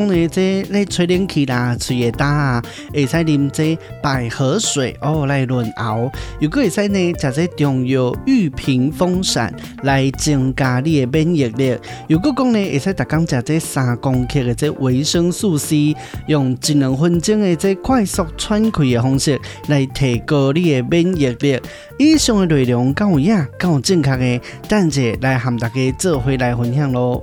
講咧，即咧吹冷氣啦，吹熱啊，會使啉即百合水哦來潤喉。又果會使呢，食即中藥玉屏風散來增加你嘅免疫力。又果講咧會使大家食即三公克嘅即維生素 C，用一兩分鐘嘅即快速喘氣嘅方式來提高你嘅免疫力。以上嘅內容夠樣夠正確嘅，等下來含大家做回來分享咯。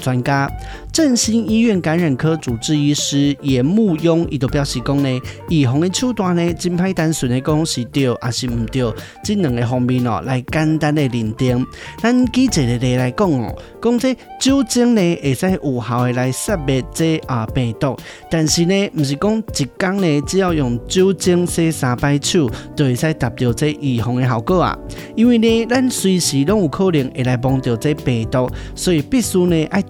專家振興醫院感染科主治醫師嚴慕庸伊都表示講呢，預防的手段呢真歹單純，嘅講是着，還是唔着，這兩個方面哦、喔、來簡單的認定。咱舉一個例來講哦、喔，講這酒精呢會使有效的來殺滅這個、啊病毒，但是呢唔是講一天呢只要用酒精洗三擺手，就會使達到這預防的效果啊。因為呢咱隨時攏有可能會來碰到這病毒，所以必須呢愛。要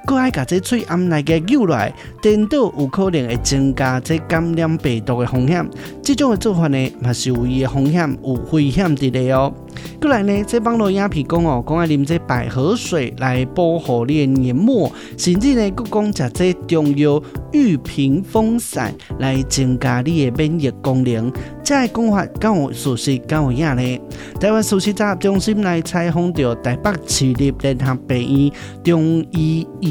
佫愛甲這喙暗內個咬來，顛倒有可能會增加這感染病毒的風險。這種嘅做法呢，也是有伊嘅風險，有危險佇咧哦。佫來呢，這網路影片講哦，講愛啉這百合水來保護你嘅黏膜，甚至呢，佫講食這中藥玉屏風散來增加你嘅免疫功能。這講法敢有屬實敢有影呢？台灣事實查核中心來採訪到台北市立聯合醫院中醫院。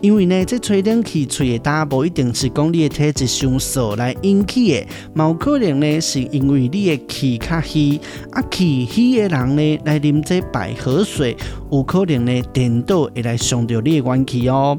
因為呢，即吹冷氣吹得大，唔一定是講你嘅體質上素來引起嘅，冇可能呢是因為你嘅氣較虛，啊氣虛嘅人呢來飲即百合水，有可能呢電到會來傷到你嘅元氣哦。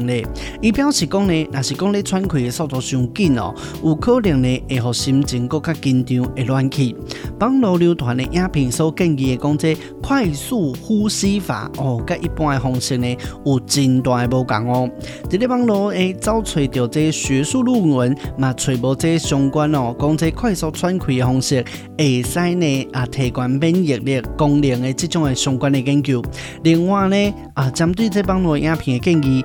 咧，伊表示講呢，若是講咧喘氣的速度上緊哦，有可能呢會予心情更加緊張，會亂氣。網絡流傳的影片所建議的講這快速呼吸法哦，佮一般的方式呢有真大嘅唔同哦。即啲網絡誒找揣到這個學術論文，嘛揣無這相關哦，講這個快速喘氣的方式，會使呢啊提懸免疫力功能嘅這種嘅相關的研究。另外呢啊，針對這網絡影片的建議。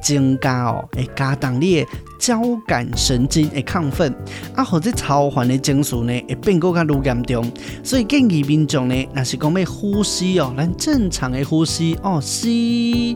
增加哦，會加重你嘅交感神經嘅亢奮，啊，或者超環嘅情緒呢，會變得更加嚴重。所以建議民眾呢，那是講要呼吸哦，咱正常的呼吸哦，吸。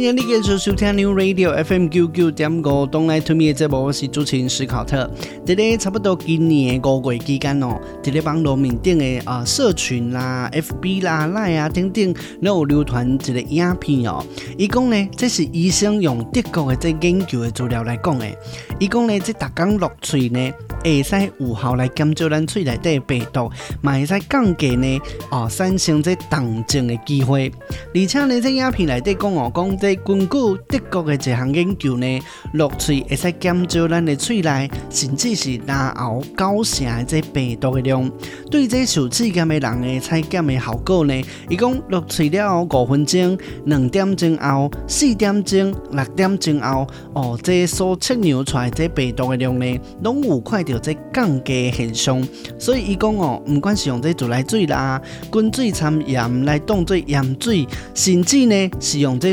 今日你繼續收，收聽 New Radio FM 九九點五，東來 To Me 嘅節目，我是主持人史考特。今、這、日、個、差不多今年嘅五月期間哦，咯，喺網絡面頂嘅啊社群啦、FB 啦、line 啊等等，頂頂都有流傳一個影片哦。伊講咧，這是醫生用德國嘅即研究嘅資料來講嘅。伊講咧，即係逐天落喙咧，會使有效來減少咱喙內底嘅病毒，嘛會使降低咧哦產生即係重症嘅機會。而且呢，即影片內底講哦，講、這。個根據德國的一項研究呢，落水會使減少咱的嘴內，甚至是牙釉構成的即病毒嘅量。對即受刺激的人的採檢嘅效果呢，伊講落水了後五分鐘、兩點鐘後、四點鐘、六點鐘後，哦，即所測量出來即病毒嘅量呢，攏有看到即降低嘅現象。所以伊講哦，唔管是用即自來水啦、滾水參鹽來當做鹽水，甚至呢是用即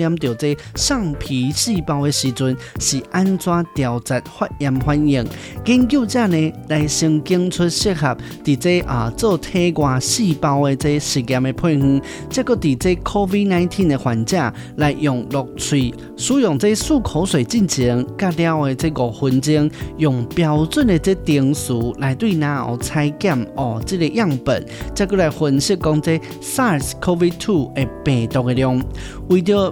調質上皮細胞嘅時陣，是安怎調節發炎反應？研究者呢嚟神經出適合，地即啊做體外細胞嘅即實驗的配方，再個地即 Covid nineteen 嘅患者嚟用諾吹，使用即漱口水進行隔料的即五分鐘，用標準的即定時來對嗱哦採檢哦，即個樣本，再過來分析講即 SARS-CoV-2 嘅病毒嘅量，為咗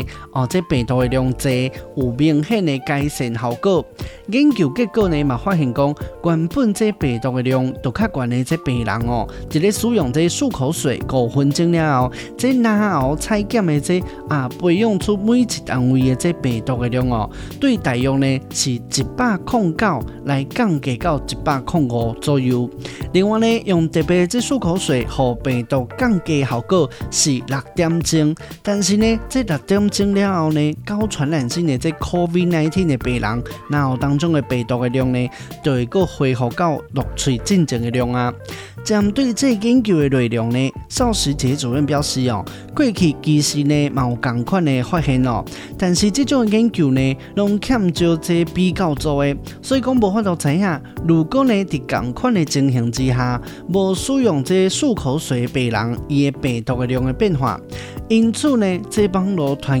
哦，這病、個、毒的量多，這個、有明顯的改善效果。研究結果呢，嘛發現講，原本這病毒的量都較懸嘅，的這病人哦，一啲使用啲漱口水五分鐘了後、哦，這拿喉採檢的這個、啊培養出每一單位的這病毒的量哦，對大約呢，是一百控九，來降低到一百控五左右。另外呢，用特別啲漱口水，和病毒降低效果是六點鐘，但是呢，這六點。症了後呢，高傳染性的即 Covid nineteen 的病人，然後當中的病毒的量呢，就會再恢復到六歲正常的量啊。針對呢研究的內容呢，邵時傑主任表示哦，過去其實呢也有同款的發現哦，但是呢種研究呢，仲欠咗，這比較做的，所以講無法度知影。如果呢在同款的情形之下，冇使用即漱口水的病人，伊的病毒的量的變化，因此呢，即幫老團。